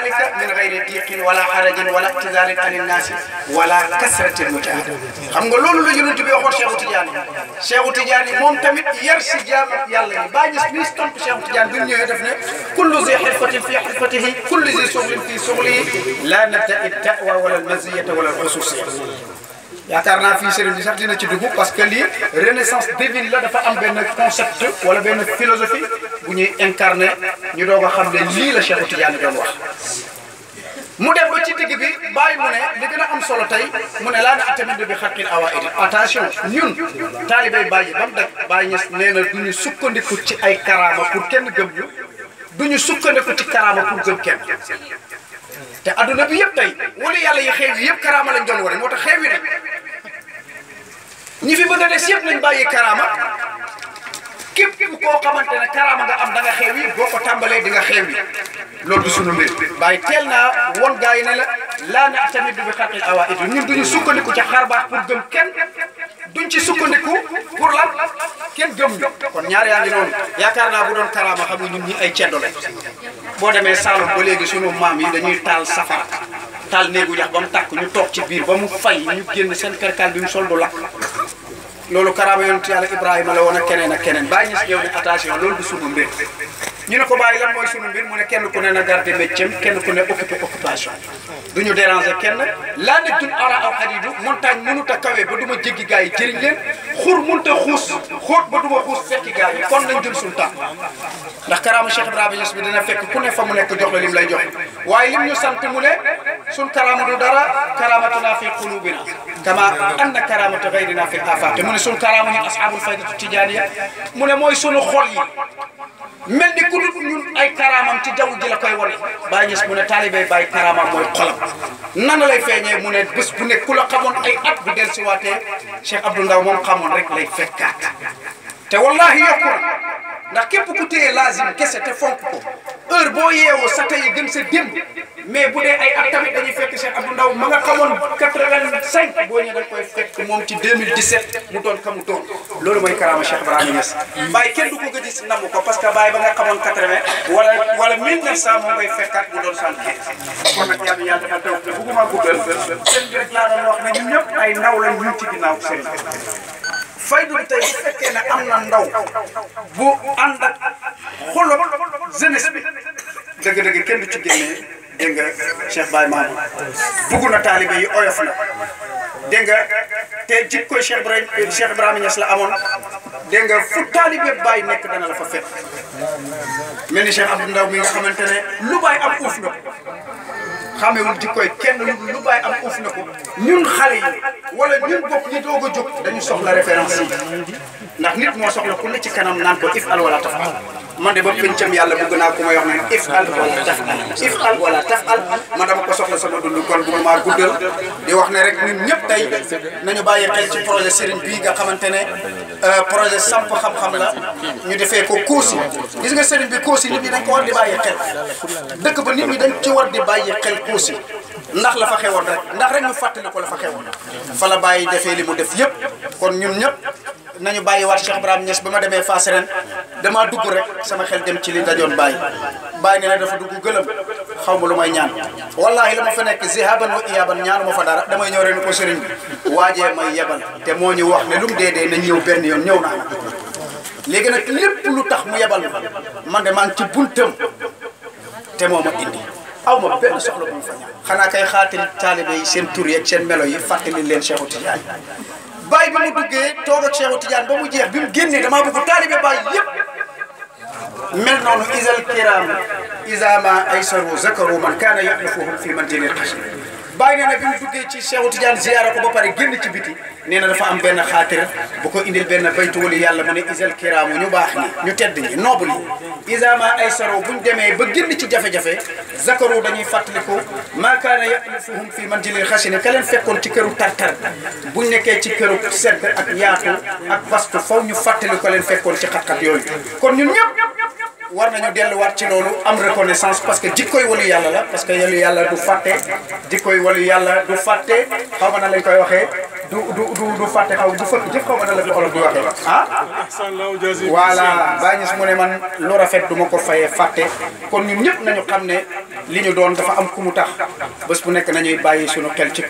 ذلك من غير ضيق ولا حرج ولا اعتذار عن الناس ولا كثرة المجاهدة xam nga loolu la yonent bi waxoon Cheikh Tidiane Cheikh Tidiane moom tamit yar si jaam ak yàlla yi baa gis ñuy stamp Cheikh Tidiane bi mu ñëwee def ne kullu zi xirfatin fi xirfatihi kullu zi suxlin fi suxlihi la nabtagi da'wa wala almaziyata wala alxususiya yaakaar naa fii sëriñ bi sax dina ci dugg parce que lii renaissance divine la dafa am benn concept wala benn philosophie bu ñuy incarné ñu doog a xam ne lii la Cheikh Tidiane doon wax. mu dem ba ci digg bi bàyyi mu ne li gën a am solo tey mu ne laa na atamit bi xaqil awa idi attention ñun taalibey bàyyi ba mu daj bàyyi ñes nee na du ñu sukkandiku ci ay karaama pour kenn gëm ñu du ñu sukkandiku ci karaama pour gëm kenn te adduna bi yëpp tey wala yàlla yi xew yi yëpp karaama lañ doon moo tax xew yi ne ñi fi bëgg a des yëpp nañ bàyyi karaama képp koo xamante ne karaama nga am da nga boo ko tàmbalee di nga xew yi loolu du sunu mbir bàyyi teel naa won gaa yi ne la laa na tamit du bi xaqil awa sukkandiku ca xar baax pour gëm kenn duñ ci sukkandiku pour lan kenn gëm ñu kon ñaar yaa ngi yaakaar naa bu doon karaama xam nga ñi ay ceddo la boo demee Saalum ba léegi sunu maam yi dañuy taal safara taal néegu yax ba mu tàkk ñu toog ci biir ba mu fay ñu génn seen kërkaal bi mu sol du lakk loolu karaama yonent yàlla Ibrahima la woon ak keneen ak keneen bàyyi ñis ñëw ne attention loolu du sunu mbir ñu ne ko bàyyi lan mooy sunu mbir mu ne kenn ku ne na garder métier kenn ku ne occupé occupation du ñu déranger kenn laa nekk dun ara aw hadidu montagne mënut a kawee ba du ma jéggi gars yi jëriñ leen xur mun a xuus xóot ba du ma xuus fekki gars yi kon nañ jël suñu temps ndax karaama Cheikh Ibrahima Niass bi dina fekk ku ne fa mu nekk jox la lim lay jox waaye lim ñu sant mu ne suñ karaama du dara karaamatuna fi kama anna karamata gayrina fil afati mu ne karaama ñun ashabul faydati tijaaniya mu ne mooy sunu xol yi mel ni ku dul ay karaamam ci jaww ji la koy wane Baye Niass mu ne taalibe Baye karaamam mooy xolam nana lay feeñee mu ne bés bu ne la xamoon ay at bi dellusiwaatee Cheikh Abdou Ndaw moom xamoon rek lay fekkaat te wallahi yokku ndax képp ku téye lazim kese te fonk ko heure boo yeewoo sa tey gën sa démb mais bu dee ay at dañuy fekk Cheikh Abdou Ndaw ma nga xamoon 85 boo ñëwee dañ koy fekk moom ci 2017 mu doon ka mu doon loolu mooy karaama Cheikh Ibrahima Niass. Baye kenn du ko gëj a namm ko parce que Baye ba nga xamoon 80 wala wala 1900 moo ngay mu doon 75. kon doon wax ne ñun ñëpp ay am na ndaw bu ànd xolom jeunesse dëgg-dëgg kenn du ci génnee dégg nga Cheikh Baye Mamadou bugg na taalibe yi oyof na dégg nga te jikko Cheikh Ibrahim Cheikh Ibrahima Niass la amoon dégg nga fu taalibe Baye nekk dana la fa fekk mel ni Cheikh Abdou Ndaw mi nga xamante ne lu Baye am uuf na ko xamewul koy kenn lu Baye am uuf na ko ñun xale yi wala ñun bopp ñi doog a jóg dañu soxla référence yi ndax nit moo soxla ku ne ci kanam naan ko if al wala man de ba pencam yàlla bëgg naa ku may wax naan if al wala taf al if al wala taf al man dama ko soxla sama dund kon bu maa guddal di wax ne rek ñun ñëpp tey nañu bàyyi xel ci projet Serigne bii nga ne euh, projet samp xam-xam la ñu defee ko Kossy gis nga Serigne bi Kossy nit ñi dañ ko war di bàyyi xel dëkk ba nit ñi dañ ci war di ndax la fa xewoon rek ndax rek ñu fàttali ko la fa xewoon fa la bàyyi defee li mu def yëpp kon ñun ñëpp nañu bàyyi waat Cheikh Ibrahima Niass ba ma demee Fass damaa dugg rek sama xel dem ci li dajoon bàyyi bàyyi ne na dafa dugg gëlëm xaw ma lu may ñaan wallahi la ma fa nekk zihaban wa iyaban ñaanu ma fa dara damay ñëw ren ko sëriñ bi waajee may yebal te moo ñu wax ne lu mu dee dee nañ ñëw benn yoon ñëw naa léegi nag lépp lu tax mu yebal man de ngi ci buntam te moo a indi aw benn soxla bu fa ñaan xanaa kay xaatil taalibe yi seen tur yeeg seen melo yi fàttali leen Cheikhu Tidiane bàyyi bi mu duggee toog ak Cheikh Tidiane ba mu jeex bi mu génnee damaa bëgg taalibe bàyyi yëpp mel noonu isal kiram isama aysaru zakaru man kaana yaxlifuhum fi mantinil xasmi bàyyi nee na bi mu duggee ci Cheikh Tidiane ziyaara ko ba pare génn ci biti nee na dafa am benn xaatira bu ko indil benn baytu wali yàlla mu ne isal kiraamu ñu baax ñi ñu tedd ñi noobu li isama ay bu ñu demee ba génn ci jafe-jafe zakaru dañuy fàttaliku maakaana yalifuhum fi manjilil xasini ka leen fekkoon ci këru tartar buñ nekkee ci këru sedd ak yaatu ak bastu faw ñu fàttali ko leen fekkoon ci xat-xat yooyu kon ñun ñëpp war nañu delluwaat ci loolu am reconnaissance parce que jikkoy walu yàlla la parce que walu yàlla du fàtte jikkoy walu yàlla du fàtte xaw ma na lañ koy waxee du du du du fàtte xaw du fëkk jëf xaw a na la ko olof di waxee ah voilà Baye Niass mu ne man lu rafet du ma ko fayee fàtte kon ñun ñëpp nañu xam ne li ñu doon dafa am ku mu tax bés bu nekk nañuy bàyyi suñu xel ci